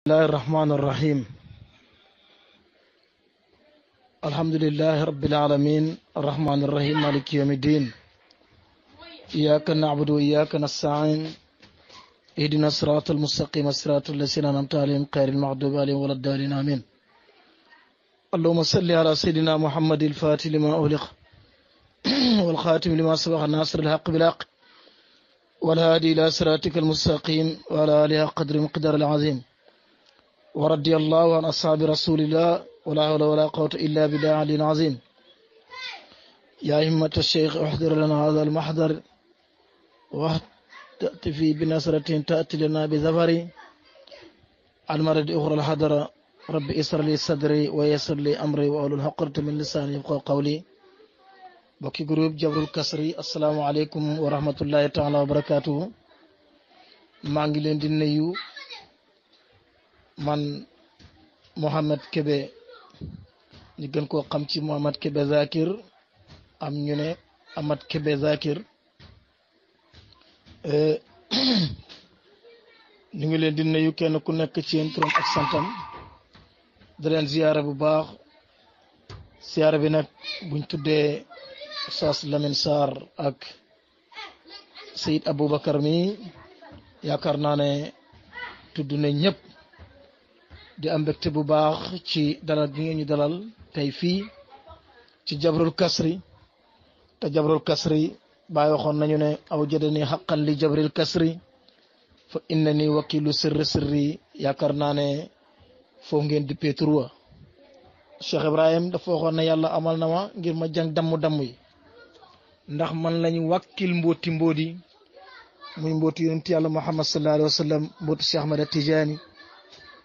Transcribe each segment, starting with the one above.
بسم الله الرحمن الرحيم الحمد لله رب العالمين الرحمن الرحيم مالك يوم الدين إياك نعبد وإياك نستعين اهدنا الصراط المستقيم الصراط الذين أنعمت عليهم غير المغضوب عليهم ولا الضالين آمين اللهم صل على سيدنا محمد الفاتح لما أغلق والخاتم لما سبق الناصر الحق بالحق والهادي إلى صراطك المستقيم وعلى آله قدر مقدار العظيم وردي الله عن أصحاب رسول الله ولا حول ولا قوة إلا بالله علي العظيم يا همة الشيخ احضر لنا هذا المحضر وتأتي في بنصرة تأتي لنا بظفر المرد أخرى الحضر رب إسر لي صدري ويسر لي أمري وأولو الحقرة من لساني يبقى قولي بكي جروب جبر الكسري السلام عليكم ورحمة الله تعالى وبركاته مانجلين دينيو man Mouhamed kebe ñu gën koo xam ci Mouhamed Kébé Zakir am ñu ne Amad Kébé Zakir euh, ñu ngi leen di nuyu kenn ku nekk ci yéen turam ak leen ziyaara bu baax ziyaara bi nag buñ tuddee Oustaz Lamine Sarr ak Seyid Aboubacar mi yaakaar naa ne tudd na ñëpp di am mbégte bu baax ci dalal gi ngeen ñu dalal tey fii ci jabrul kasri te jabrul kasri bàyyi waxoon nañu ne aw jadani xaqan li jabril kasri fa inna ni wakilu sirri sirri yaakaar naa ne foofu ngeen di péeturwa Cheikh Ibrahim dafa waxoon na yàlla amal na ma ngir ma jàng damm-damm yi ndax man lañu wàkkil mbóoti mbóoti muy mbóoti ti yàlla Muhammad sallallahu alayhi wa sallam mbóoti Cheikh Ahmada Tijaani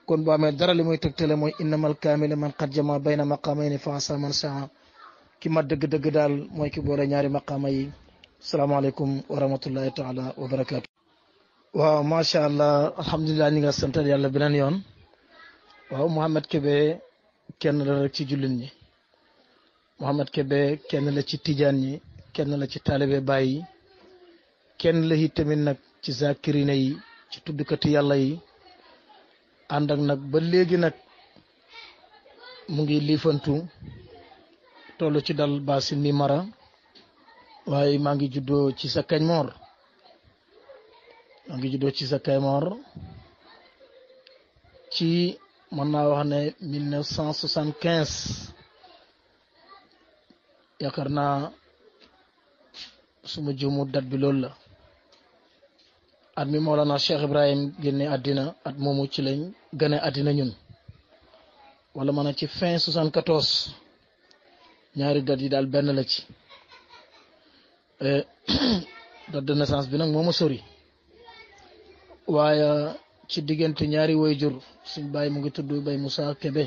كون بو امي دارا لي موي تكتل موي انما الكامل من قد جمع بين مقامين فاصا من ساعة كيما دغ دغ دال موي كي بولا نياري مقامي السلام عليكم ورحمه الله تعالى وبركاته واو ما شاء الله الحمد لله نيغا سنتال يالا بنان يون واو محمد كبي كين لا رك سي جولين ني محمد كبي كين لا سي تيجان ني كين لا سي طالبي باي كين لا هي تامين سي زاكرين ني سي تود كات Andang nak nag ba legi nak mu ngi lifantu toll ci dal baasin ni mara waye ma ngi juddo ci sa kañmoor maa ngi juddo ci sa mor ci man na wax ne 1975 yakarna suma jumu dat bi lol la at mi na Cheikh Ibrahim génne àddina at moomu ci lañ gane àddina ñun wala ma ne ci fin 74 ñaari date yi daal benn la ci eh, date de naissance bi nag moo sori waaye ci diggante ñaari wayjur suñ baay mu ngi tudd Baye Moussa Kébé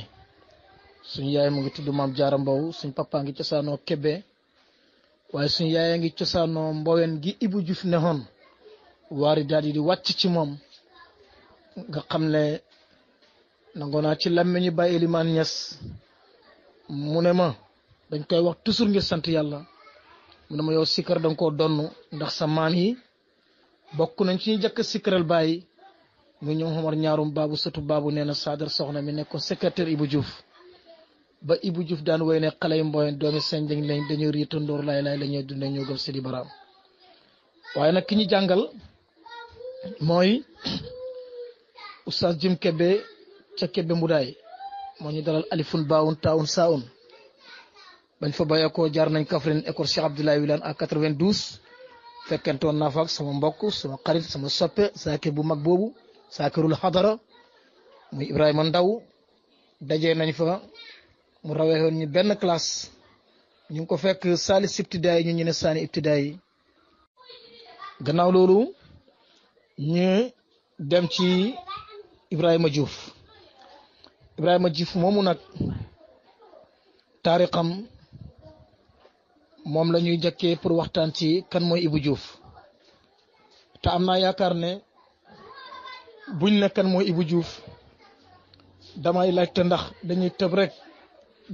suñ yaay mu ngi tudd mam Jaara Mbow suñ papa ngi cosaanoo Kébé waaye suñ yaay ngi cosaanoo Mbowen gi Ibou Diouf ne xoon waaridaat yi di wàcc ci moom nga xam ne nangoo naa ci làmmiñu bàyyi Elimaan Ñas mu ne ma dañ koy wax toujours ngir sant yàlla mu ne ma yow sikkar danga koo donn ndax sa maam yi bokk nañ ci ñu jëkk sikkaral bàyyi mu ñoom xamar ñaarum baabu sëtu baabu nee na saadar soxna mi nekkoon secrétaire Ibou Diouf ba ibu juuf daan woy ne xale yu mbooy doomi seen dañ lañ dañoo riitandoor laay laay la ñuy dundee ñoo gëm seen i baraam waaye nag ki ñu jàngal mooy oustaz Jim Kébé ca Kébé Mbudaay moo ñu dalal alifun baawun taawun saawun bañ fa bàyyeekoo jaar nañ Kaffrine école Cheikh Abdoulaye Wilane à 92 fekkentoon naa fa ak sama mbokk sama xarit sama soppe saakir bu mag boobu saakirul xadara muy Ibrahima Ndaw dajee nañ fa mu rawee woon ñu benn classe ñu ngi ko fekk saalis ibtidaay ñu ñu ne saani ibtidaay gannaaw loolu ñu dem ci Ibrahima juuf Ibrahima juuf moomu nag taarixam moom la ñuy njëkkee pour waxtaan ci kan mooy Ibou juuf te am naa yaakaar ne buñ ne kan mooy ibu juuf damay laajte ndax dañuy tëb rek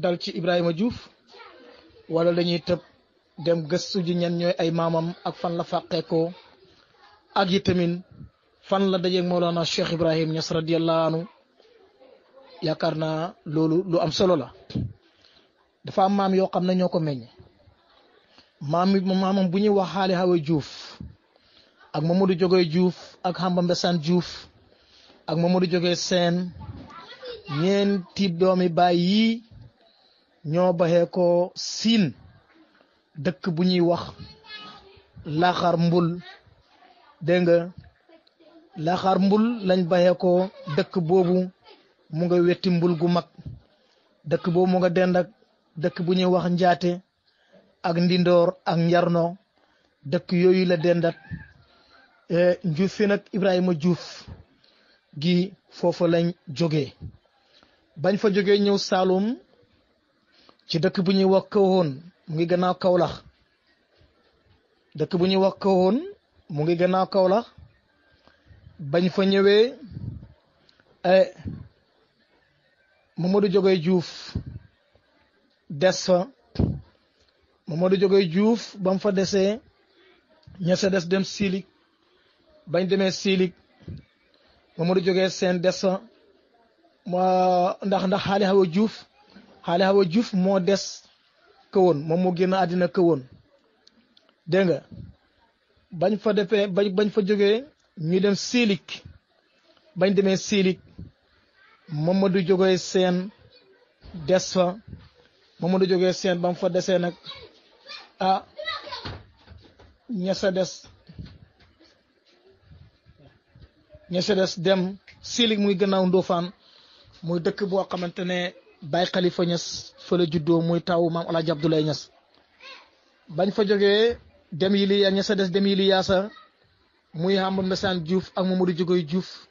dal ci Ibrahima juuf wala dañuy tëb dem gëstu ji ñan ñooy ay maamam ak fan la fàqee ko ak itamit fan la dajeeg Mawlana Cheikh Ibrahim Niass radiyallahu anhu yaakaar naa lu am solo la dafa am maam yoo xam ne ñoo ko meññ maam mi maamam bu ñuy wax xaali juuf Diouf ak Mamadou joge juuf ak Hamba Mbesaan Diouf ak Mamadou joge Seen ñeenti doomi baay yi ñoo baxee ko siin dëkk bu ñuy wax laaxar mbul dégg nga laxaar mbul lañ bayee ko dëkk boobu mu nga wetti mbul gu mag dëkk boobu mu nga dend dëkk bu ñuy wax njaate ak ndindoor ak njarno dëkk yooyu la dendat e, njuuf fi nag Ibrahima Juuf gi foofu lañ jógee bañ fa jógee ñëw Saalum ci dëkk bu ñuy wax kawoon mu ngi gannaaw Kawlax dëkk bu ñuy wax kawoon mu ngi gannaaw kawla bañ fa ñëwee eh, Mamadou Diogoye Diouf des fa Mamadou Diogoye Diouf ba mu fa desee ña des dem Silig bañ demee Silig Mamadou Diogoye seen des fa ndax ndax xaali xawa Diouf xaali xawa juuf moo des kawoon moom moo génn àddina këwoon dégg bañ fa défé bañ fa joggé ñu dem silik bañ démé silik mamadou joggé sen des fa mamadou joggé sen bam fa déssé nak ah ñessa dess des dess dem silik muy gënaaw undofan muy dëkk bo xamantene bay khalifa ñess fa la juddoo muy taw mam abdoulaye ñess bañ fa joggé dem yi ña sa des dem li yaasa muy Amadou Mbassane Diouf ak Mamadou Diogoy Diouf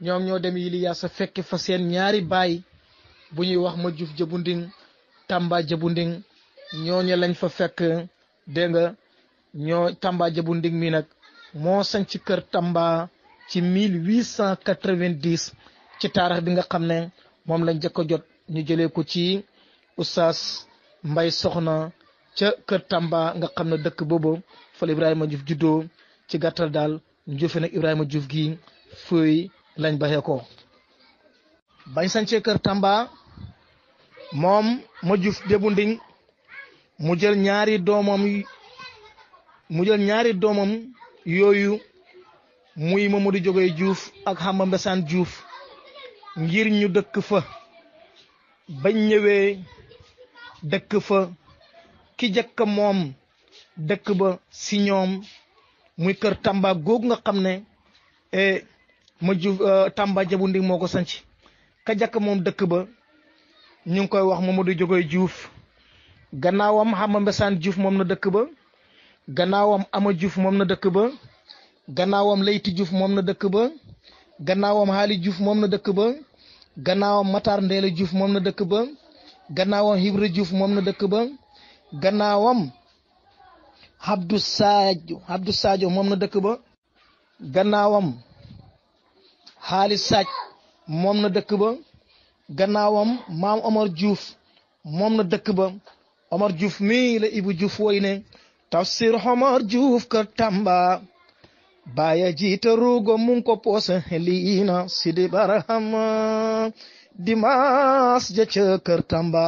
ñoom ñoo dem yi li yaasa fekk fa seen ñaari baay bu ñuy wax ma Diouf jabunding Tamba jabunding ñooñu lañ fa fekk dégg ñoo Tamba jabunding mi nag moo sañ ci kër Tamba ci 1890 ci taarix bi nga xam ne moom lañ jëkk jot ñu jëlee ko ci oustaz Mbay Soxna ca kër Tamba nga xam na dëkk boobu fa la Ibrahima Diouf ci gàttal daal Ndioufène na Ibrahima Diouf gi fëy lañ baxee ko bañ sañcee kër Tamba moom ma Diouf débu ndiñ mu jël ñaari doomam mu jël ñaari doomam yooyu muy Mamadou Jógoy Diouf ak Xamba Mbesaan ngir ñu dëkk fa bañ ñëwee dëkk fa ki jëkk moom dëkk ba si ñoom muy kër Tamba googu nga xam ne e, ma ju e, Tamba jabu ndig moo ko sanc ka jëkk moom dëkk ba ñu ngi koy wax Mamadou Jogoy Diouf gannaawam Xama Mbesaan Diouf moom na dëkk ba gannaawam Ama Diouf moom na dëkk ba gannaawam Leyti Diouf moom na dëkk ba gannaawam Haali Diouf moom na dëkk ba gannaawam Matar juuf moom na dëkk ba gannaawam Hibra juuf moom na dëkk ba gannaawam Abdou Sadio Abdou Sadio moom na dëkk ba gannaawam Xaalis Saaj moom na dëkk ba gannaawam maam Omar Diouf moom na dëkk ba Omar juuf mii la Ibu Diouf woy ne tafsir Omar Diouf kër baya jiita ruugo mun ko poosa liina Sidi dimaas ja ca Tamba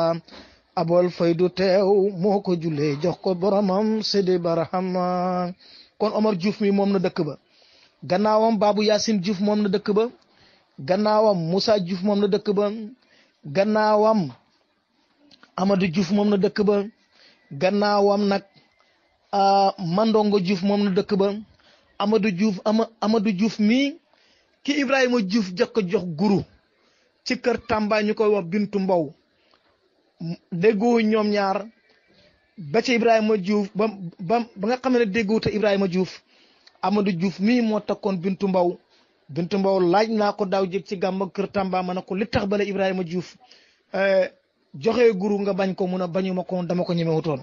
abol faydu teew moo ko jullee jox ko boromam sidi barahama kon Omar juuf mi moom na dëkk ba gannaawam Babou Yacine Diouf moom na dëkk ba gannaawam Moussa Diouf moom na dëkk ba gannaawam Amadou Diouf moom na dëkk ba gannaawam nag Mandongo juuf moom na dëkk ba Amadou Diouf ama Amadou Diouf mi ki Ibrahima Diouf jox ko guru ci kër Tamba ñu koy wax Bintu Mbow déggoo ñoom ñaar ba ci Ibrahima Diouf ba ba nga xam ne déggoo te Ibrahima Diouf Amadou Diouf mii moo takkoon Bintu Mbaw Bintu Mbaw laaj naa ko daaw jëg ci gàmm kër Tamba ma ne ko li tax bala Ibrahima Diouf euh, joxe guru nga bañ ko mun a bañu ma ko dama ko ñemewutoon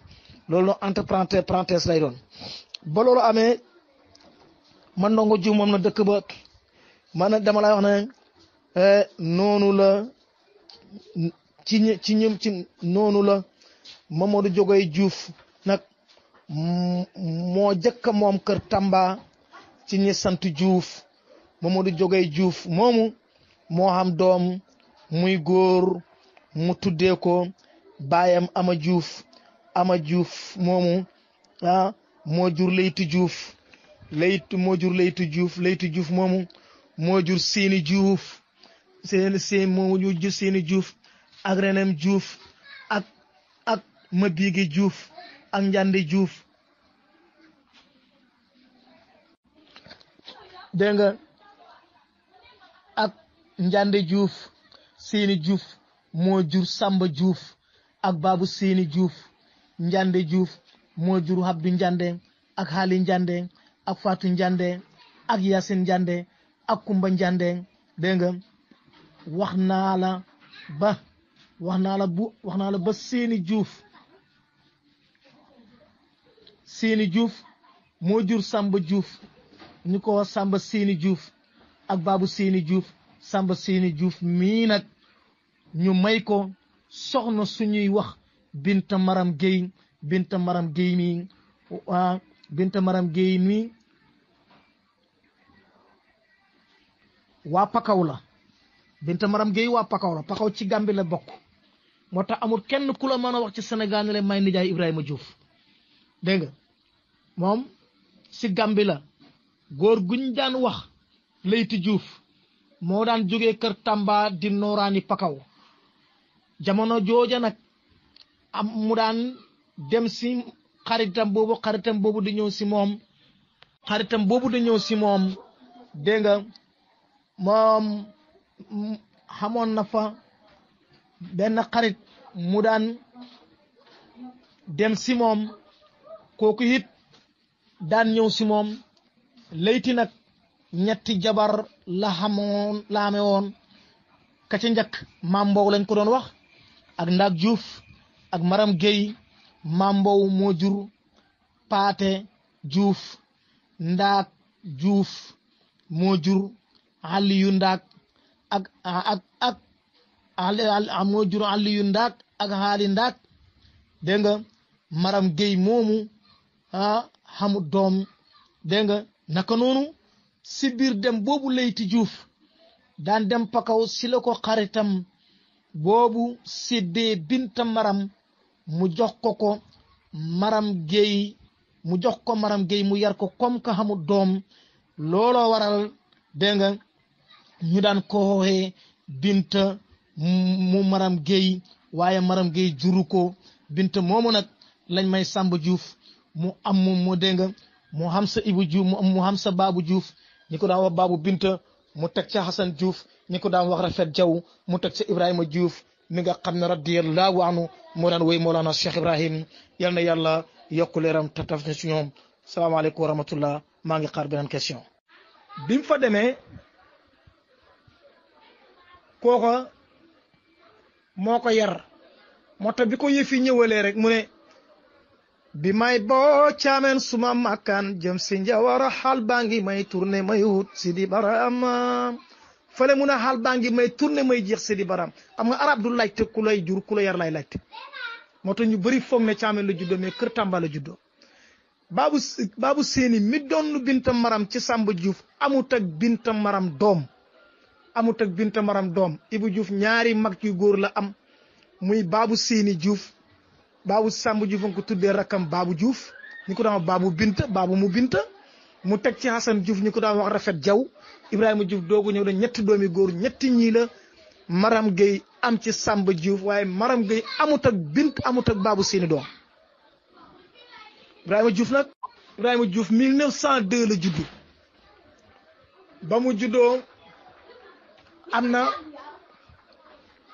loolu noonu entre parenthèse lay doon ba loolu amee man na dëkk ba man dama lay wax ne euh, la. ci ñi ci ñëm ci noonu la Mamadou Diogoye Diouf nag moo jëkk moom kër Tamba ci ñi sant Diouf Mamadou Diogoye juuf moomu moo am doom muy góor mu tuddee ko baayam Ama juuf Ama juuf moomu ah moo jur Leyti Diouf Leyti moo jur Leyti Diouf Leyti Diouf moomu moo jur Séni Diouf seen seen moo jur ak renem juuf ak ak juuf ak njandi juuf dégg nga ak njandi juuf siini juuf moo jur samba juuf ak babu siini juuf njande juuf moo jur habdu njande ak xaali njande ak faatu njande ak yasin njande kumba njande dégg wax naa la ba wax naa la wax naa la ba seeni juuf seeni juuf moo jur sàmba juuf ñu ko wax sàmba seeni juuf ak baabu seeni juuf sàmba seeni juuf mii nag ñu may ko soxna su ñuy wax binta maram géy binta maram géy mi waa binta maram géy mi waa pakaw la binta maram géy waa pakaw la pakaw ci gàmbi la bokk moo tax amul kenn ku la mën a wax ci Sénégal may nijaay Ibrahima Diouf dégg nga moom si Gàmbi la góor guñ daan wax Leyti juuf moo daan jógee kër tàmba di nooraani pakaw jamono jooja nag am mu daan dem si xaritam boobu xaritam boobu di ñëw si moom xaritam boobu di ñëw si moom dégg nga na fa benn xarit mu daan dem si moom kooku it daan ñëw si moom layti nag ñetti jabar la xamoon la amee woon ka ca njëkk lañ ko doon wax ak Ndak juuf ak Maram Gueye maam Mbow moo jur Paate juuf Ndaak Diouf moo jur Aliyu Ndaak ak ak àll àll moo jur àll yu ndaak ak xaali nga maram géy moomu ah xamut doom dégg naka noonu si biir dem boobu layti juuf daan dem pakaw si la ko xaritam boobu séddee binta maram mu jox ko maram géy mu jox ko maram géy mu yar ko comme doom looloo waral dégg ñu daan ko xooxee binta mu maram géey waaye maram géey juru ko bint moomu nag lañ may Samba Diouf mu am mu dégg nga mu xam sa Ibu Diouf mu am sa Baabu juuf ñi ko daan wax Baabu Binta mu teg ca Xasan Diouf ñi ko daan wax Rafet Jaw mu teg ca Ibrahima Diouf mi nga xam ne radiyallahu anhu moo daan woy Mawlana Cheikh Ibrahim yal na yàlla yokk leeram te taf ci ñoom salaamaaleykum maa ngi xaar beneen question. bi fa demee kooka moo ko yar moo tax bi ko yëfi ñëwalee rek mu ne bi may boo caameen suma makkaan jëm si njawara xaal baa ngi may tourné may wut si di baram fële mu ne xaal baa ngi may tourné may jeex si di baram xam nga arab du laajte ku lay jur ku la yar lay laajte moo tax ñu bëri foog ne caameen la juddoo mais kër Tamba la juddoo baabu baabu seeni mi doon binta maram ci Samba juuf amut ak binta maram doom amut ak Binta Maram doom Ibou Diouf ñaari mag yu góor la am muy Babou Seyni Diouf Babou Samb Diouf nga ko tuddee rakkam Babou juuf ñu ko daan wax Babou Binta Babou mu Binta mu teg ci Hassan Diouf ñu ko daan wax Rafet Jaw Ibrahima juuf doogu ñëw na ñetti doomi góor ñetti ñii la Maram am ci Samb Diouf waaye Maram Gueye amut Bint amut ak Babou doom Ibrahima juuf nag Ibrahima Diouf 1902 la juddu ba mu juddoo am na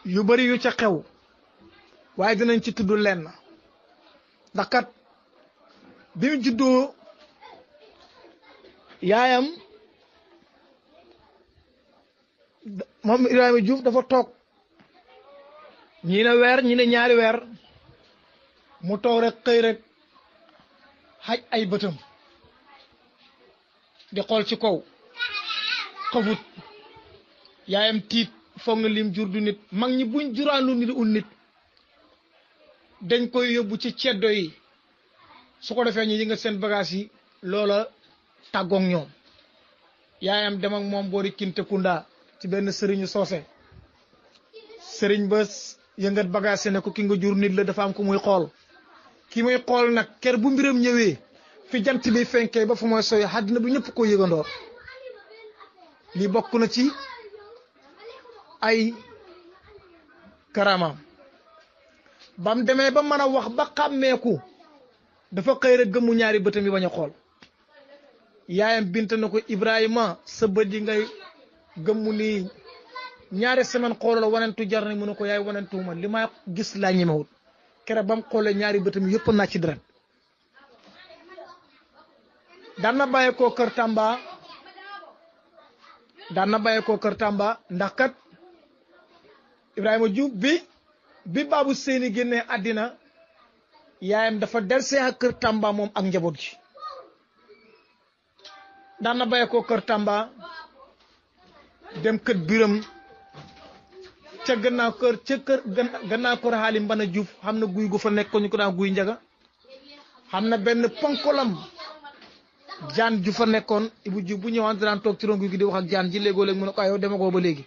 yu bari yu ca xew waaye dinañ ci tuddu leen na kat bi mu juddoo yaayam moom Ibrahima Diouf dafa toog ñi ne weer ñi ñaari weer mu toog rekk xëy rek xaj ay bëtam di xool ci kaw xëfut yaayam tiit foog nga lim jur du nit mag ñi buñ juraanu nit ul nit dañ koy yóbbu ci ceddo yi su ko defee ñu yëngal seen bagage yi loola tàggoog ñoom yaayam dem ak moom boori kinte kunda ci benn sëriñu soose sëriñ ba yëngat bagage ne ko ki nga jur nit la dafa am ku muy xool ki muy xool nag ker bu mbiram ñëwee fi jant bi fenkee ba fu mooy soy bu ñëpp ko li bokk na ci ay karamaam bam demee ba mën a wax ba xàmmeeku dafa xëy rek gëmmu ñaari bëtam bi bañ xool yaayam bint na ko Ibrahima sa bët yi ngay gëmmu nii ñaari semaine xooloo la wanentu jar na mu ne ko yaay wanentuwuma li ma gis laa ñemewut kere ba mu xoolee ñaari bëtam yëpp naa ci deret daan na bàyyeekoo kër tàmba daan na bàyyeekoo kër Tamba ndax kat. Ibrahima Diouf bi bi Babou Seyni génnee àddina yaayam dafa delsee ak kër Tamba moom ak njaboot ji daan na bàyyi ko kër tàmba dem kër biram ca gannaaw kër ca kër gannaaw kër xaali mbana Diouf xam na guy gu fa nekk ko ko daan guy njaga xam na benn ponkolam jaan ju a nekkoon Ibou Diouf bu ñëwaan daan toog ci ron guy gi di wax jaan ji léegoo léegi mu ne ko yow dema ko ba léegi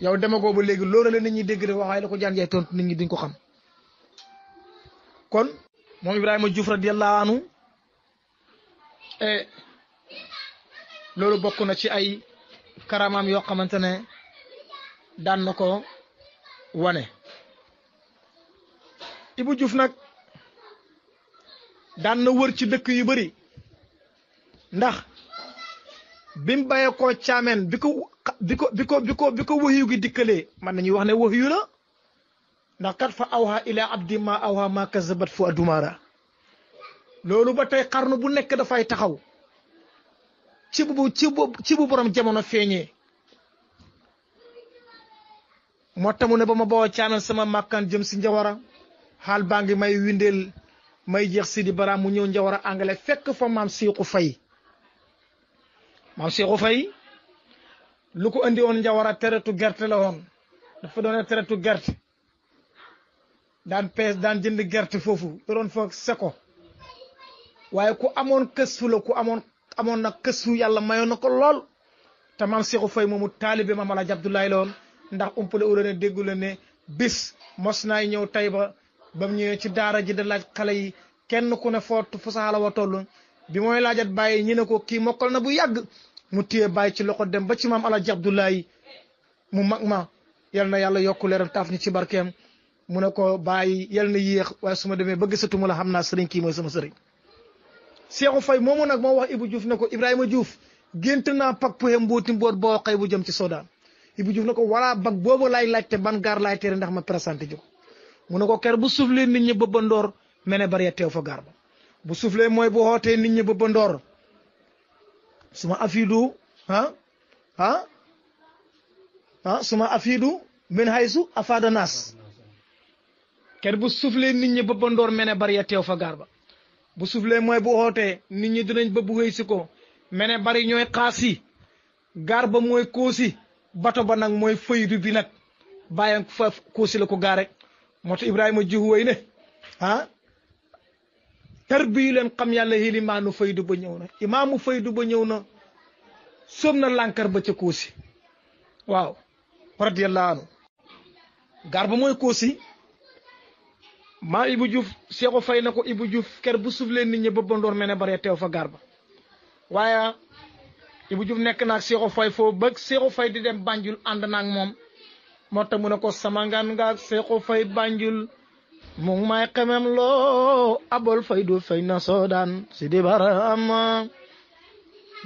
yow demagoo ba léegi loolu la nit ñi dégg rek waxaay la ko jaan jaay tontu nit ñi duñ ko xam kon moom Ibrahima Diouf radiyallahu anhu e, loolu bokk na ci ay karamaam yoo xamante ne daan na ko wane Ibou juuf nag daan na wër ci dëkk yu bari ndax bi mu bàyyee koo bi ko bi ko bi ko bi ko bi ko waxiyu gi dikkalee man nañuy wax ne waxiyu la ndax kat fa awha ila abdi ma awha ma kazabat fu adumara loolu ba tey xarnu bu nekk dafay taxaw ci bu bu bu borom jamono feeñee moo tamu ne ba ma bawoo caameen sama màkkaan jëm si njawara xaal baa ngi may windeel may jeex si di baraam mu ñëw njawara angale fekk fa maam siiqu fay maam Cheikhou fay lu ko andi woon njawara teretu gerte la woon dafa doon teretu gerte daan pees daan jënd gerte foofu da doon fa seko waaye ku amoon këstu la ku amoon amoon na këstu yàlla mayoon na ko lool te maam fay Faye moomu taalibe maam Alaaji Abdoulaye la woon ndax umpale wu ne déggu ne bis mos naay ñëw Tayba ba ñëwee ci daara ji da laaj yi kenn ku ne foo fu saxala wa bi mooy laajat bàyyi ñi ne ko kii mokkal na bu yàgg mu téye bàyyi ci loxo dem ba ci maam Alaaji Abdoulaye mu mag ma yal na yàlla yokk leeram taaf ni ci barkeem mu ne ko bàyyi yal na yéex waaye su ma demee ba gisatuma la xam naa sëriñ kii mooy sama sëriñ Seexu Fay moomu nag moo wax Ibou Diouf na ko Ibrahima Diouf gént naa pak puxe mbooti mboot boo xëy bu jëm ci Sodaan Ibou Diouf na ko walaa bag boobu laay laajte ban gaar laay tere ndax ma présenté ji ko mu ne ko ker bu suuf nit ñi bëbandoor mene bari teew fa gaar ba bu suflee mooy bu xootee nit ñi ba suma afidu ah ah suma afidu min haysu afaada naas kenn bu suflee nit ñi ba ba ndoor mene bari ya fa gaar ba bu suflee mooy bu xootee nit ñi dinañ ba bu xëy si ko mene bari ñooy xaasi gaar ba mooy koosi bato ba nag mooy faydu bi nag bàyyam fa koosi la ko gaar rek moo tax Ibrahima jiw way tarbiyu leen xam yàlla yilimaanu faydu ba ñëw na imaamu faydu ba ñëw na sóob na lànkar ba ca kóosi waaw radiyallahu anhu gar ba mooy kóosi maa Ibou Seexu fay na ko Ibou Diouf ker bu suuf leen nit ñi ba bandoor mene bare teew fa gar ba waaye Ibou nekk naag Seexu fay foofu ba Seexu fay di dem Banjul ànd naag moom moo mu ne ko sama ngaan Seexu fay Banjul mu ngi may loo abol fay du fay na soodaan si di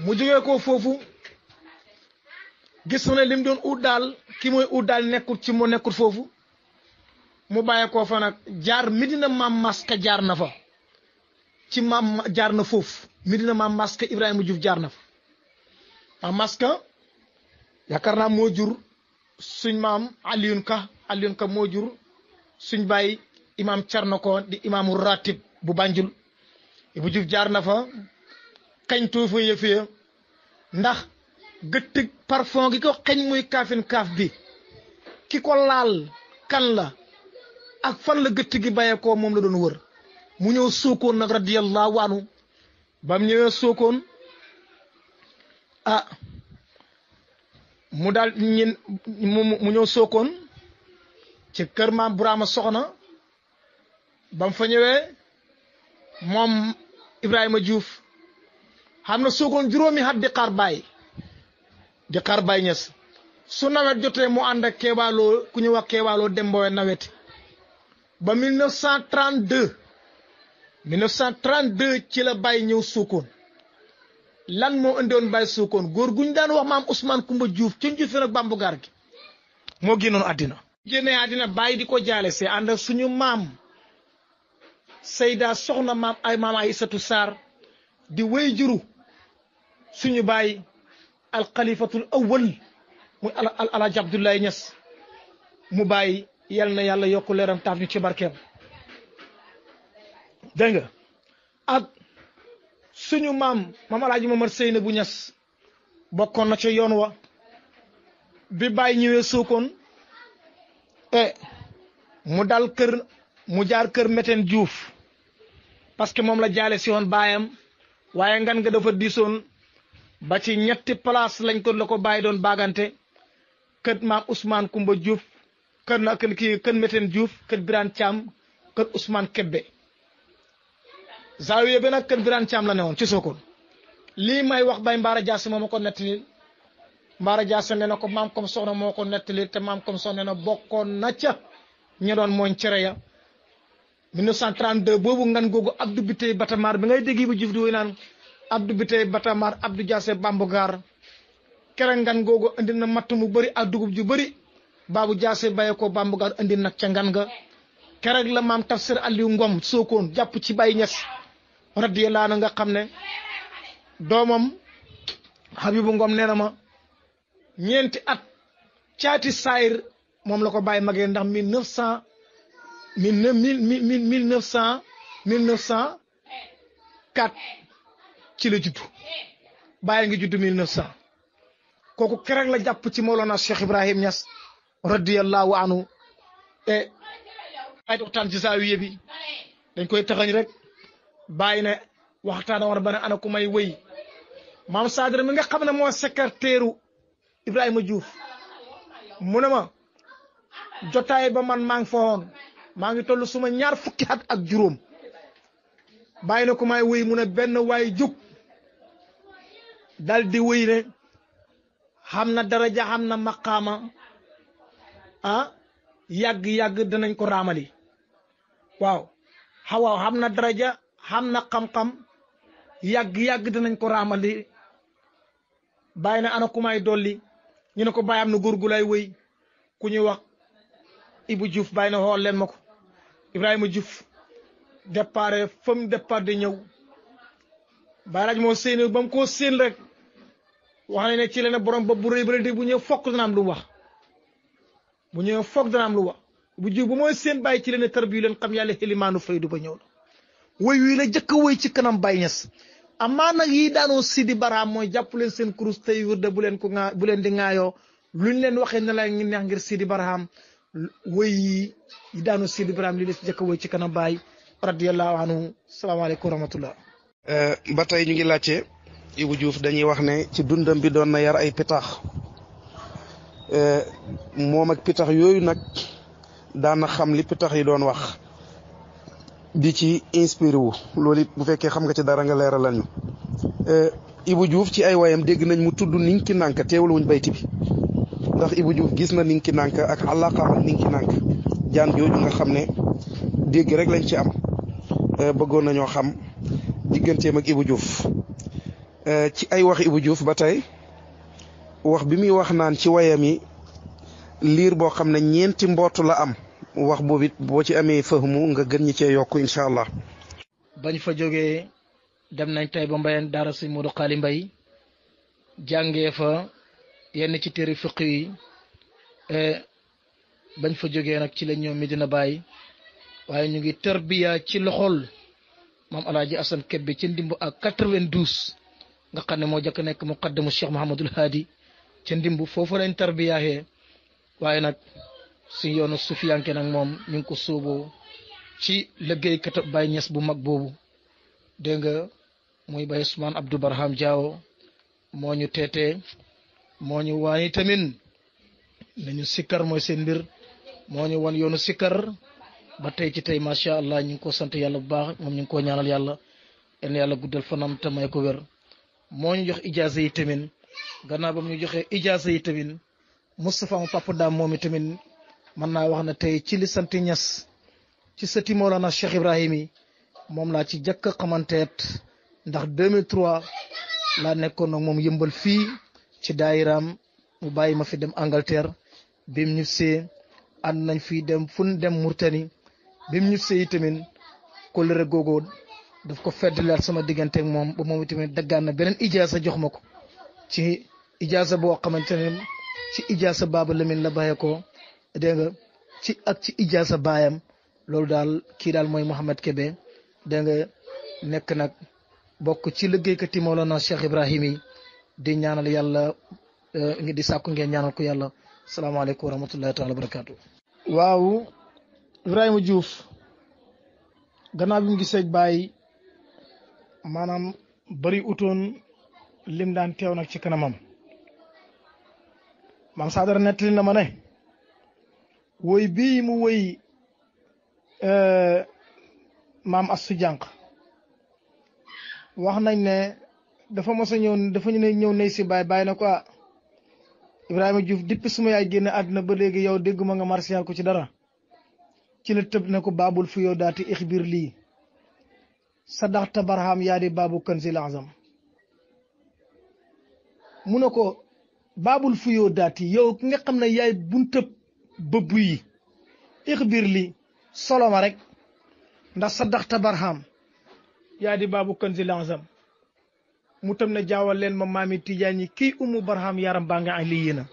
mu jógee ko foofu gis ne lim doon ut daal ki mooy ut daal nekkul ci mu nekkul foofu mu bàyyeekoo fa nag jaar Medina maam Maska jaar na fa ci maam jaar na foofu Medina maam Maska Ibrahima Diouf jaar na fa maam Maska yaakaar na moo jur suñ maam Alioune Ka Alioune Ka moo jur suñ bàyyi. cer na Ko di imaamu ratib bu Banjul Ibou Diouf jaar na fa kañ tuufu yëf ndax gëttëg parfum gi ko xeñ muy kaafin kaaf bi ki ko laal kan la ak fan la gëtt gi bàyyeekoo moom la doon wër mu ñëw sookoon nag la anhu ba mu ñëwee sookoon ah mu daal ñin mu ñëw sookoon ci kër maam Burama Soxna ba mu fa ñëwee moom Ibrahima juuf xam na soogoon juróomi at di xaar baay di xaar baay ñes su nawet jotee mu ànd ak keebaaloo ku ñu wax keebaaloo demboowe nawet ba 1932 1932 ci la bay ñëw Sokone lan moo indiwoon Baye Sokone góor gu ñu daan wax maam Ousmane Koumba Diouf ci Ndioufène ak Bambugaar gi moo génnoon àddina. génnee àddina Baye di ko jaale see ànd ak suñu maam sayda soxna maam ay maam Aysatu Sarr di wéy juru suñu baay alxalifatul awwal muy alaaj Abdoulaye Niass mu bàyyi yal na yàlla yokk leeram taaf ñu ci barkeem dégg nga ak suñu maam maam alaaji Mamar Seyna bu Niass bokkoon na ca yoon wa bi bàyyi ñëwee sookoon e eh, mu dal kër mu jaar kër meten Diouf parce que moom la jaale si woon baayam waaye ngan nga dafa diisoon ba ci ñetti place lañ ko la ko bàyyi doon baagante kër maam Ousmane Kumba Diouf kër na kii kër meten Diouf kër Birane Thiam kër Ousmane Kebbe zaawiye bi nag kër Birane Thiam la newoon ci Sokone lii may wax bay Mbaara Jaase moo ma ko nettali Mbaara Jaase nee na ko maam comme soxna moo ko nettali te maam comme soxna nee na bokkoon na ca ñi doon mooñ cere ya 1932 boobu ngan googu Abdou Biteye Batamar bi ngay dégg bu jëf di woy naan Abdou Biteye Batamar Abdou Diassé Bambugaar kere ngan googu indi na matt mu bëri ak dugub ju bëri Babou Diassé bàyyee ko Bambugaar indi nag ca ga kereg la maam Tafsir Aliou Ngom sookoon jàpp ci Baye Niass radiyallaahu anhu nga xam ne doomam Habibou Ngom nee na ma ñeenti at caati saayir moom la ko bàyyi magee ndax 1900. mille neuf mille mille mille neuf cent mille ci la juddu bàyyi nga juddu mille neuf cent kooku keroog la jàpp ci Mawlana Cheikh Ibrahim Niass radiyallahu anhu e bàyyi waxtaan ci zaawiya bi dañ koy taxañ rek bàyyi ne waxtaan war ba ne ana ku may wëy maam Sadar mi nga xam ne moo secrétaire Ibrahima Diouf mu ne ma jotaay ba man maa ngi fa maa ngi toll suma ñaar fukki at ak juróom bàyyi na ko may wéy mu ne benn waay jóg daldi di ne xam na daraja xam na maqaama ah yàgg-yàgg danañ ko raamali waaw xawaaw xam na daraja xam na xam-xam yàgg-yàgg danañ ko raamali bàyyi na ana ku may dolli ñu ne ko bàyyi am na góor gu ku ñuy wax Ibou Diouf bàyyi na xool leen ma ko Ibrahima Diouf départ fa mu départ di ñëw baaraaj moo séen ba ko koo séen rek wax nañ ne ci leen borom bopp bu rëy ba bu ñëw fokk dana am lu wax bu ñëwee fokk dana am lu wax bu Diouf bu mooy seen bàyyi ci leen tarbiyu leen xam yàlla xelimaanu faydu ba ñëw la woy wi la jëkk a woy ci kanam Baye Niass amaa na yi daanoo Sidi Baraam mooy jàpp leen seen kurus tey wirde bu leen ko ŋaa bu leen di ŋaayoo luñ leen waxee ne la ngi neex ngir Sidi Baraam woy yi yi daanu Sidi Ibrahima li des njëkk a wëy ci kanam baay radiyallahu anhu salaamaaleykum wa rahmatullah eh, ba tey ñu ngi laajte Ibou juuf dañuy wax ne ci dundam bi doon na yar ay pitaax eh, moom ak pitax yooyu nag daana xam li pitax yi doon wax di ci inspiré wu loolu it bu fekkee xam nga ci dara nga leeralal ñu eh, Ibou juuf ci ay wayam degg nañ mu tudd niñ ki nànk teewul wuñ bayti bi ndax Ibou Diouf gis na Ninki Nank ak àllaqaam ak Ninki Nank jaan jooju nga xam ne dégg rek lañ ci am euh, bëggoon ñoo xam digganteem ak Ibou Diouf euh, ci ay wax ibu Diouf ba tey wax bi muy wax naan ci wayam yi liir boo xam ne ñeenti mbootu la am wax boobu boo ci amee fahmu nga gën ñi cee yokk incha allah. bañ fa jógee dem nañ tey ba mbayeen daara si Modou Xaali Mbay jàngee yenn ci téere fiq yi e, bañ fa jógee nag ci lañoo mi dina Baay waaye ñu ngi tarbiya ci loxol moom alaaji Asan bi ci ndimb ak 92 nga xam ne moo jëkk nekk muqaddamu Cheikh Mahamadul Haadi ca ndimb foofu lañ tarbiyaxee waaye nag suñ yoonu sufiyanke nag moom ñu ngi ko sóoboo ci liggéey kata Baay Ñas bu mag boobu dégg nga muy Baay Usmaan Abdou Barham jaawo moo ñu teetee moo ñu waaye tamit nañu sikkar mooy seen mbir moo ñu wan yoonu sikkar ba tey ci tey macha allah ñu ngi ko sant yàlla bu baax moom ñu ngi ko ñaanal yàlla yàlla guddal fanam te may ko wér moo ñu jox ijaasa yi tamit gannaaw ba mu ñu joxee ijaasa yi tamit Moustapha mu daam moom tamit mën naa wax ne tey ci li sant ñas ci sëti Mawlana Cheikh Ibrahim yi moom laa ci jëkk a xamanteet ndax 2003 laa nekkoon nag moom yëmbal fii ci daayiraam mu bàyyi ma fi dem Angleterre bim ñu see nañ fi dem fun dem Murtani bim ñu tamit itamit kóllëre googu daf ko feddalaat sama diggante ak moom ba moom itamit daggaan na beneen ijaasa jox ma ko ci ijaasa boo xamante ne ci ijaasa baaba Lamine la ci ak ci ijaasa baayam loolu daal kii daal mooy Mouhamed Kébé dégg nga nekk nag bokk ci liggéeykat yi Mawlana Cheikh Ibrahim yi. di ñaanal yàlla eh, di sàkku ngeen ñaanal ko yàlla salaamaaleykum wa rahmatullahi taala wa barakaatu. waaw Ibrahima Diouf gannaaw bi mu bay bàyyi maanaam bari utoon lim daan teew nag ci kanamam maam Saadara nettali woy bii mu woy eh, maam Asou Diankh wax dafa mos a ñëw dafa ñu ñëw nay si baay bàyyi na ko ah Ibrahima Diouf depuis suma yaay génne àdduna ba léegi yow dégguma nga marsiyaal ko ci dara ci la tëb na ko babul fu yow daati ixbir lii sadaxta barham yaa di baabu kanzil mu ne ko babul fu yow daati yow ki nga xam ne yaay buntëb bëbb yi ixbir lii rek ndax sadaxta barham yaa di baabu kanzil azam mutam na jawal len leen ma maami umu barham yaram bangga ali aliyina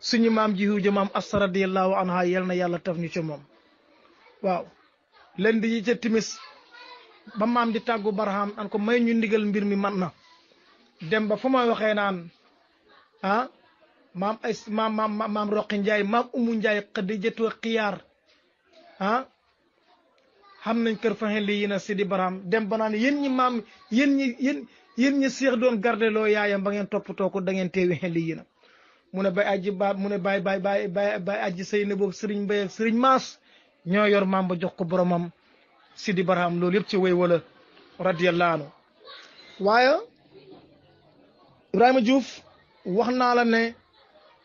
suñu mam jihu huuja mam asta anha yelna na tafni taf ci mom waw len di ci timis ba mam di tagu barham an ko may ñu ndigal mbir mi manna dem ba fuma waxe nan ha ah, mam maam ay mam mam mam roqi njaay mam umu njaay ah xam nañ keur fa na sidi barham dem ba yen ñi mam yen ñi yen yéen ñi seex doon garde loo yaayam ba ngeen toppatoo ko da ngeen teewi xel yi na mun a bay aji ba mu ne bay bay bay bay aji sëy na boobu sëriñ mbay ak maas ñoo yor maam ba jox ko boromam di baraham loolu yëpp ci way wala radiyallahu anhu waaye Ibrahima juuf wax naa la ne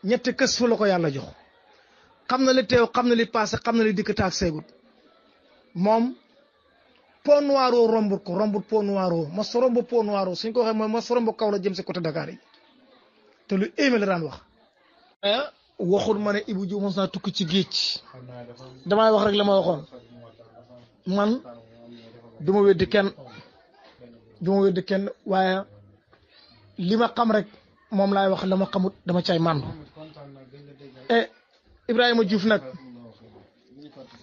ñetti kës fu la ko yàlla jox xam na li teew xam na li passé xam na li dikk taak seegut moom pont noir o rombut ko rombut pont noir o mos romb pont noir o suñ ko waxee mooy mos romb kaw te lu éeme la eh? ma ne Ibou ci géej damay wax rek la ma waxoon man du ma weddi kenn ma weddi kenn waaye li ma xam rek moom laay wax la ma xamut dama cay màndu e Ibrahima Diouf nag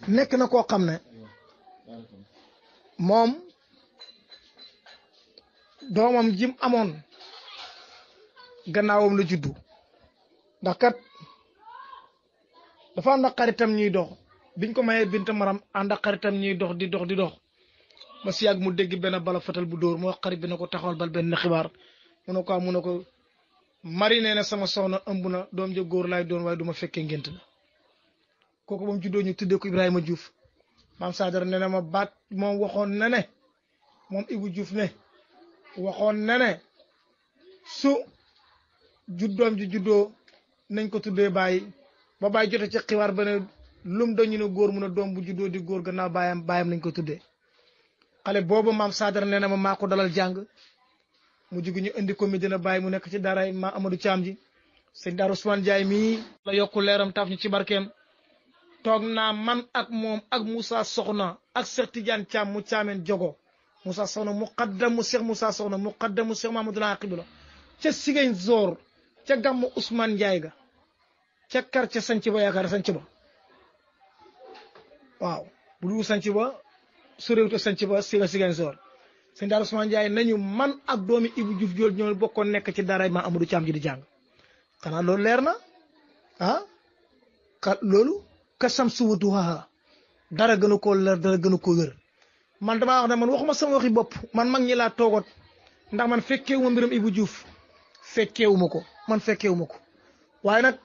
nekk na koo xam ne mom doomam jim amon gannaawam la juddu ndax kat dafa ànd xaritam ñuy dox biñ ko maye bint maram ànd xaritam ñuy dox di dox di dox ba si yàgg mu dégg benn bala fatal bu dóor moo xarit bi na taxawal bal benn xibaar mu ne ko mu ne mari nee na sama soxna ëmb na doom ja góor laay doon waaye du ma fekkee ngént la kooku ba ñu tuddee ko Ibrahima Diouf maam Sadar ne na ma baat moom waxoon na ne moom Ibou Diouf ne waxoon na ne su juddoom ju judoo nañ ko tuddee bàyyi ba baay jote ci xibaar ba ne lum dañu ne góor mu na doom bu juddoo di góor ga gannaaw bàyyam bàyyam nañ ko tuddee kale boobu mam Sadar nee na ma maa dalal jàng mu jug ñu indi ko mi dina bàyyi mu nekk ci daaray ma Amadou Thiam ji sëñ Daaru mii la yokku taf ñu ci barkeem toog naa man ak moom ak Moussa Soxna ak Cheikh Tidiane Thiam mu Thiamène Jogo Moussa Soxna muqaddamu Cheikh Moussa Soxna muqaddamu Cheikh Mamadou Aqib la ca Sigéen Zoor ca gam Ousmane Ndiaye ga ca kar ca sanc ba yaakaar sanc ba waaw bu dul sanc ba su réew te sanc si Sigéen Zoor sëñ Daara Ousmane Ndiaye man ak doomi Ibou Diouf Diol ñoo bokkoon nekk ci dara ma Amadou Thiam ji di jàng xanaa loolu leer na ah loolu. kasamsu wa duhaaha dara gënu koo lër dara gënu koo wér man damaa wax ne man waxuma sama waxi bopp man mag ñi laa toogoot ndax man fekkeewu ma mbiram Ibou Diouf fekkeewu ma ko man fekkeewu ma ko waaye nag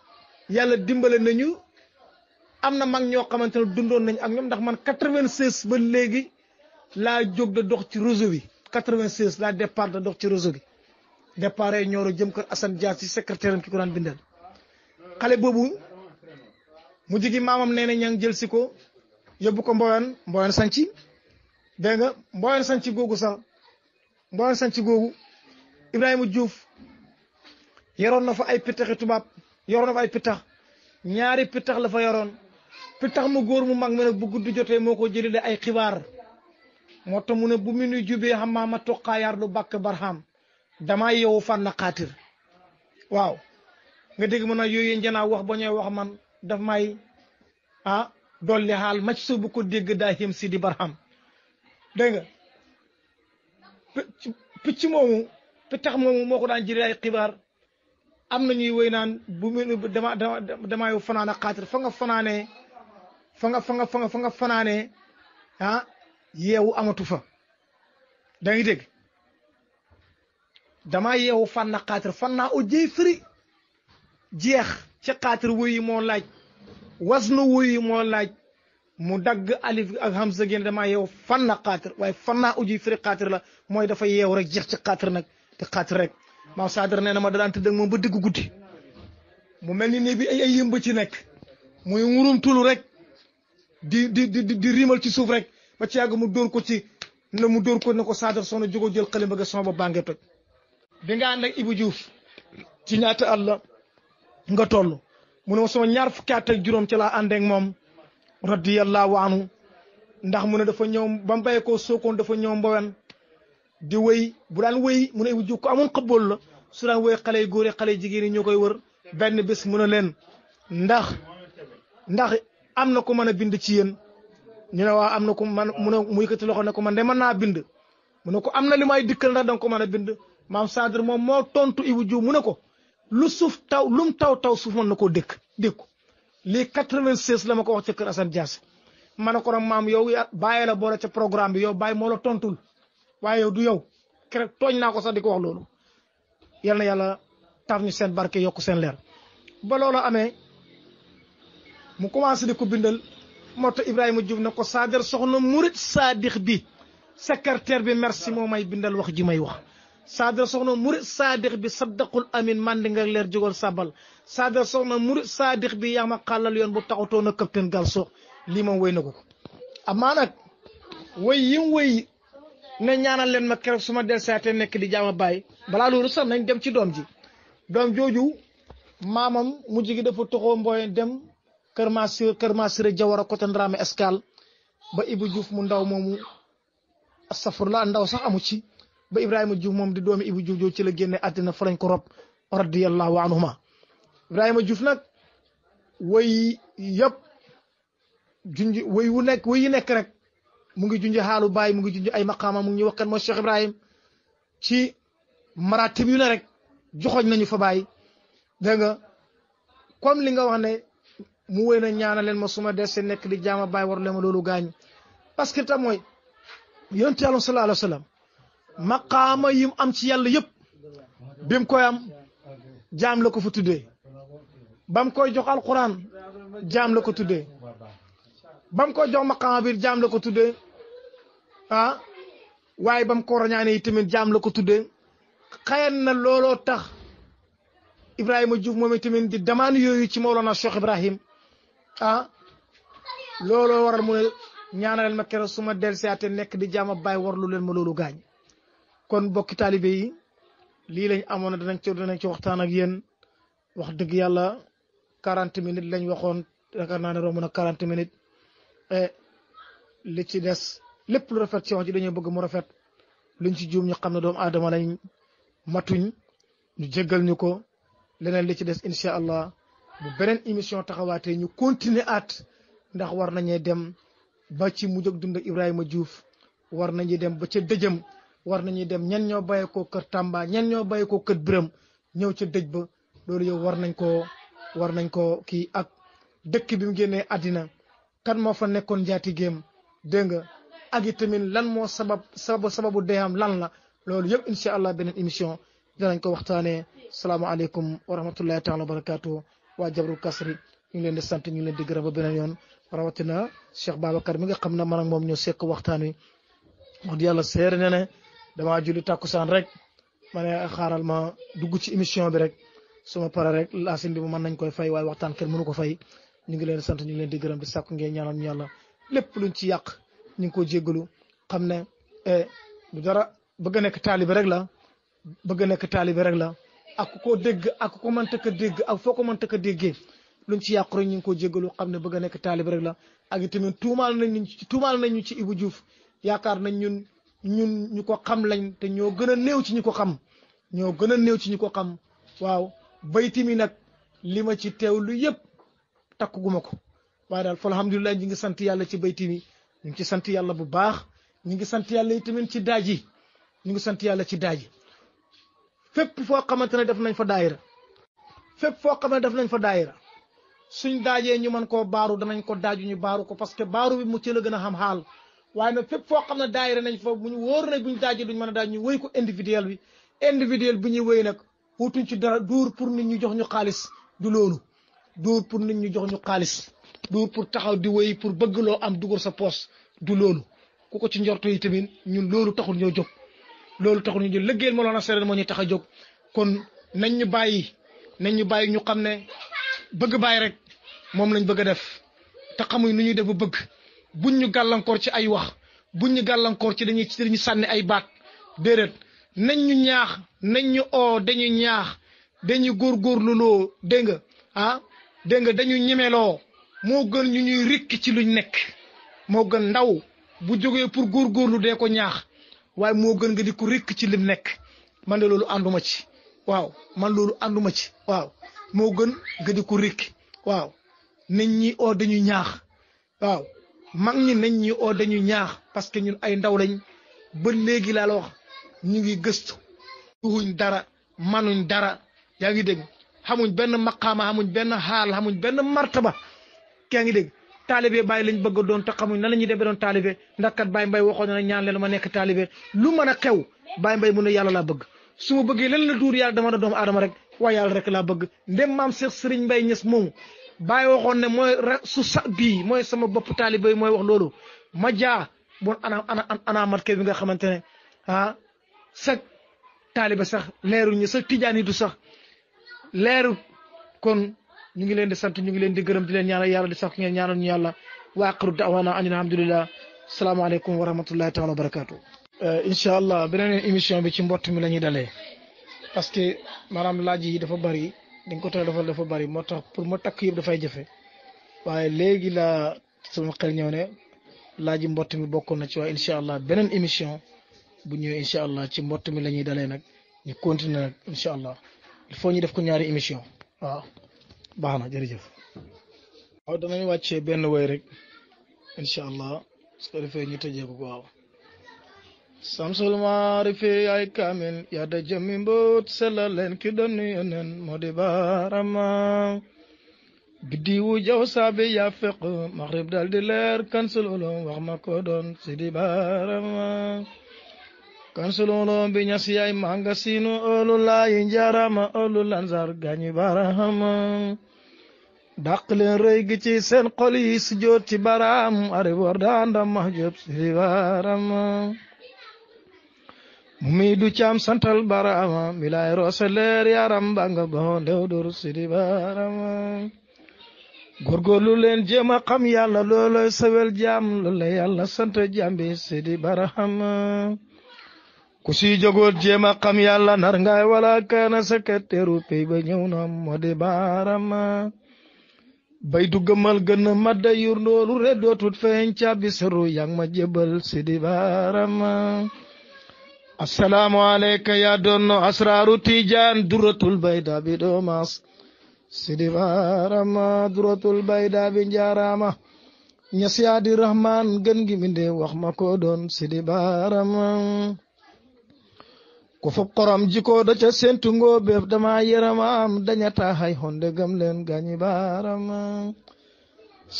yàlla dimbale nañu am na mag ñoo xamante ne dundoon nañ ak ñoom ndax man 96 ba léegi laa jóg da dox ci réseau bi 96 laa départ da dox ci réseau bi départ Nioro jëm kër Assane Dia si secrétaire am ki ko daan bindal mu jigi mamam neena ñang jël ci ko yobbu ko mboyoon mboyoon sanci de nga mboyoon sanci gogu sa mboyoon sanci gogu ibrahim diouf yaron na fa ay pitax tubab yaron na fa ay pitax ñaari pitax la fa yaron pitax mu gor mu mag me nak bu gudd jotee moko jëli de ay xibar mo tax mu ne bu minuy nu hamama xam maama lu bak barham dama yow khatir waw nga ñana wax bo ñoy wax man daf may a ah, dolli xaal mac su bu ko dégg daa xim si di barxam dégg nga picc moomu pitax moomu moo ko daan jëri ay xibaar am na ñuy wéy naan bu mu dama dama damaayu fanaan a xaatir fa nga fanaanee fa fa fa nga fa nga ah, yeewu amatu fa da ngi dégg damaa yeewu fànna xaatir fannaa o jëy firi jeex siqaatir wuyu moo laaj wasnu wuyu moo laaj mu dagg alif ak hamza génn damaa yeew fanna xaatir waaye fannaa uji firi xaatir la mooy dafa yeew rek jeex ci xaatir nag te rek maam Sadar nee na ma daan tëdd ak ba digg guddi mu mel ni nii bi ay ci nekk muy ngurum tulu rek di di di di riimal ci suuf rek ba ci yàgg mu dóor ko ci ne mu dóor ko ne ko Sadar soo na jël xalima ga sama ba bàngee toj bi nga ànd ak Ibou ñaata àll nga toll mu ne ma sama ñaar fukki at ak juróom ci laa àndeek moom radiyallahu anhu ndax mu ne dafa ñëw ba mu bàyyi ko sookoon dafa ñëw mbowen di wëy bu daan wëy mun ne ibu jug ko amoon xëbbool la su daan wëy xale yu góor yi xale yu jigéen yi ñoo koy wër benn bés mu ne leen ndax ndax am na ko man a bind ci yéen ñu ne waa am na ko man mu ne mu loxo ne ko man de mën naa bind mun ne ko am na li may dikkal ndax danga ko man a bind maam Sadr moom moo tontu Ibou Diouf mu ne ko lu suuf taw lum taw taw suuf mën na koo dëkk dékku lii 96 la ma ko wax ca kër Assane Diass ma ne ko nag maam yow bàyyi la boole ca programme bi yow bàyyi moo la tontul waaye du yow keroog tooñ naa ko sax loolu yal yàlla taf seen barke yokk seen leer ba loolu amee mu commencé di ko bindal moto Ibrahima Diouf ne ko Sader soxna Murit Sadix bi secrétaire bi merci moo may bindal wax ji may wax saadar soxna murit saadix bi saddaqul amin mandi nga leer jógal sabal saadar soxna murit saadix bi yaa ma xàllal yoon bu taxutoon a capitaine gal soox lii moom wéy na ko amaa nag wéy yim wéy ne ñaanal leen ma keroog su ma del nekk di a bàyyi balaa loolu sax nañ dem ci doom ji doom jooju maamam mujj gi dafa toxoo mbooy dem kër Massiré kër Massiré Jawara côté Ndramé Escale ba ibu juuf mu ndaw moomu astafurla ndaw sax amu ci ba Ibrahima Diouf moom di doomi ibu Diouf jooju ci la génne àddina fa lañ ko rob radiyallahu anhuma Ibrahima Diouf nag woy yëpp junj way wu nekk woy yi nekk rek mu ngi junj xaalu baay mu ngi junj ay maqaama mu ngi ñuy wax kan mooy Cheikh Ibrahim ci maratib yu ne rek joxoñ nañu fa baay danga nga li nga wax ne mu wéy na ñaanal leen ma suma dese nekk di jaama baay war leen ma loolu gaañ parce que tam mooy yonent Yàlla sallallahu alayhi maqaama yim am ci yàlla yëpp bim koy am jaam la ko fa tuddee bam koy jox alquran jaam la ko tuddee bam koy jox maqaama biir jaam la ko tuddee ah waaye bam ko rañaane tamit jaam la ko tuddee xayan na looloo tax Ibrahima Diouf moom tamit di demande yooyu ci Mawlana Cheikh Ibrahim ah looloo waral mu ne ñaanal ma keroog su ma dellusiwaatee nekk di jaam a bàyyi warlu leen ma loolu gaañ. kon bokki taalibe yi lii lañ amoon danañ ci danañ ci waxtaan ak yéen wax dëgg yàlla quarante minutes lañ waxoon yaakaar naa ne romb na quarante minutes et li ci des lépp lu rafet ci wax ji dañoo bëgg mu rafet luñ ci juum ñu xam ne doomu aadama lañ matuñ ñu jëggal ñu ko leneen li ci des incha allah bu beneen émission taxawaatee ñu continuer at ndax war nañee dem ba ci mujj ak dund Ibrahima Diouf war nañuy dem ba ca dëjëm war nañu dem ñan ñoo bàyyi ko kër tamba ñan ñoo bàyyi ko kër ko ñew ci dëj ba loolu yow war nañ ko war nañ ko ki ak dëkk bi mu génnee adina kan moo fa nekkoon gem dégg nga ak itamin lan moo sabab sababu sababu deexam lan la loolu yëpp insha allah beneen émission dinañ ko waxtaanee salaamaaleykum wa rahmatullahi taala wa barakaatu waa jabrul kasri ñu ngi leen di sant ñu ngi leen di gërëm ba beneen yoon rawatina Cheikh Babacar mi nga xam ne man ak moom ñoo sekk waxtaan wi wax yàlla seere ne damaa julli tàkkusaan rek ma ne xaaral ma dugg ci émission bi rek su ma pare rek laasin bi mu mën nañ koy fay waaye waxtaan kenn mënu ko fay ñu ngi leen sant ñu ngi leen di gërëm di sàkku ngeen ñaanal ñu yàlla lépp luñ ci yàq ñu ngi ko jéggalu xam ne eh, du dara bëgg nekk taalibe rek la bëgg a nekk rek la ak koo dégg ak ko mënta ko dégg ak foo ko mënta ko déggee luñ ci yàqu rek ñu ngi ko jéggalu xam ne bëgg nekk taalibe rek la ak itamit tuumaal nañ ñu ci tuumaal nañ ñu ci Ibou Diouf yaakaar ñun ñun ñu ko xam lañ te ñoo gën a néew ci ñu ko xam ñoo gën a néew ci ñu ko xam waaw bayti mi nag li ma ci teewlu yëpp takku ko waaye daal fa alhamdulilah ñi ngi sant yàlla ci bayti mi ñu ngi ci sant yàlla bu baax ñu ngi sant yàlla tamit ci daaj yi ñu ngi sant yàlla ci daaj yi fépp foo xamante ne def nañ fa daayira fépp foo xam def nañ fa daayira suñ daajee ñu man koo baaru danañ ko daaju ñu baaru ko parce que baaru bi mu ci la gën a xam xaal waaye nag fépp foo xam ne daayira nañ fa bu ñu wóor na bu ñu daajee duñ mën a daaj ñu wéy ko individuel bi individuel bi ñuy wéy nag wutuñ ci dara duur pour nit ñu jox ñu xaalis du loolu duur pour nit ñu jox ñu xaalis pour taxaw di wéy pour bëgg loo am dugal sa poos du loolu ku ko ci njorto yi tamit ñun loolu taxul ñoo jog loolu taxul ñu jóg lëggéeyal Mawlana Seydou moo ñu tax a jóg kon nañ ñu bàyyi nañ ñu bàyyi ñu xam ne bëgg bàyyi rek moom lañ bëgg a def te xamuñ nu ñuy def ba bëgg buñ ñu gàllankoor ci ay wax buñ ñu gàllankoor ci dañu ci dañuy sànni ay baat déedéet nañ ñu ñaax nañ ñu oo dañuy ñaax góor góorgóorlu loo dégg nga ah dégg nga dañuy ñemeloo moo gën ñu ñuy rikk ci luñ nekk moo gën ndaw bu jógee pour góorgóorlu dee ko ñaax waaye moo gën nga di ko rikk ci lim nekk man de loolu ànduma ci waaw man ànduma ci waaw moo gën nga di ko rikk waaw nit ñi oo dañuy ñaax waaw mag ñi nañ ñi oo dañu ñaax parce que ñun ay ndaw lañ ba léegi laa la wax ñu ngi gëstu duhuñ dara manuñ dara yaa ngi dégg xamuñ benn maqaama xamuñ benn xaal xamuñ benn martaba yaa ngi dégg taalibe bàyyi lañ bëgg a doon te xamuñ na la ñuy demee doon taalibe ndax kat Baye Mbaye waxoon na ñaan leen ma nekk taalibe lu mën a xew Baye Mbaye mu ne yàlla laa bëgg su ma bëggee lan la duur yàlla dama na doomu aadama rek waaye yàlla rek laa bëgg ndem maam Cheikh Serigne Mbaye Niass moomu bàyyi waxoon ne mooy ra su sa mooy sama bopp taaliba yi mooy wax loolu ma jaa bon ana ana anaamat bi nga xamante ne ah sa taaliba sax leeru ñu sa tijaanitu sax leeru kon ñu ngi leen di sant ñu ngi leen di gërëm di leen ñaanal yàlla di sax ngeen ñaanal ñu yàlla wa aqru da'wana an alhamdulillah salaamaaleykum wa rahmatullahi taala wa barakaatu. Eh, incha allah beneen émission bi ci mbott mi la ñuy dalee parce que maanaam laaj yi dafa bari. dañ ko teel defal dafa bari moo tax pour ma takk yëpp dafay jafe waaye léegi laa sama xel ñëw ne laaj mbott mi bokkoon na ci waaye incha allah beneen émission bu ñëwee incha allah ci mbott mi la ñuy dalee nag ñu continuer nag incha allah il faut ñu def ko ñaari émission waaw baax na jërëjëf waaw danañ wàccee benn way rek incha allah su defee ñu tëjee ko waaw samsul maarifi ay kaamil yadda jëmmi mbóot sellal leen ki doon yonen moo di baarama biddiwu jaw saabi yaa fiq maxrib leer kansul ulum wax ma ko doon si di baarama kansul ulum bi ñas yaay manga siinu olu laayi njaarama olu lansar gaañi baarama dàq leen rëy gi ci seen xol baram ari war daandam mahjub si di mumi duccam santal barama milayro seler yaram banga bo lewdor sidi barama gorgorlulen jema kam yalla loloy sewel jam lolla yalla santa jambe sidi barahama kusi jogot jema kam yalla nargay wala kana secretaire peyba ñewnam mode barama bay duggamal gën madda yurndolu reddotut fen cabbi seru yangma jebal sidi barama السلام عليك يا دون أسرار تيجان درة البيضاء بدوماس سيدي بارما درة البيضاء بنجاراما ñasiyaadi rahmaan gën gi mindee wax ko doon sidi baarama ku fop xorom jikoo da ca sentu ngoo béef dama yarama am daña taaxay honde gam leen gañi baarama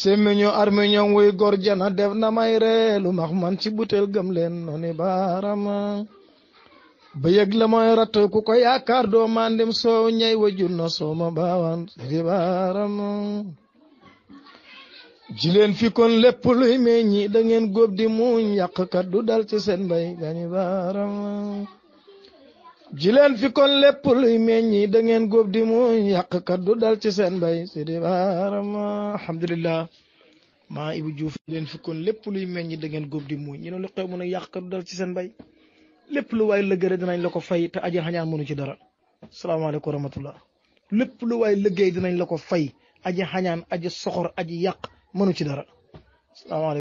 semmiñu armiñom wuy gor def na may reelu man ci butel gam noni baarama ba yëg la mooy rat ku ko yaakaar doo mandim soow ñay wajur na sooma baawan ribaaram jileen fi kon lépp luy meññi góob di muñ yàqkat du ci seen mbay gani baaram jileen fi kon lépp luy meññi da ngeen góob di muñ yàqkat du dal ci seen mbay si di baaram alhamdulillah maa ibu juuf jileen fi kon lépp luy meññi da ngeen góob di ñu lu xew mu ne yàqkat du dal ci seen mbay lépp lu waay lëggéey dinañ la ko fay te aji xañaan mënu ci dara salaamaaleykum wa rahmatullah lépp lu waay lëggéey dinañ la ko fay aji xañaan aji soxor aji yàq mënu ci dara salaamaaleykum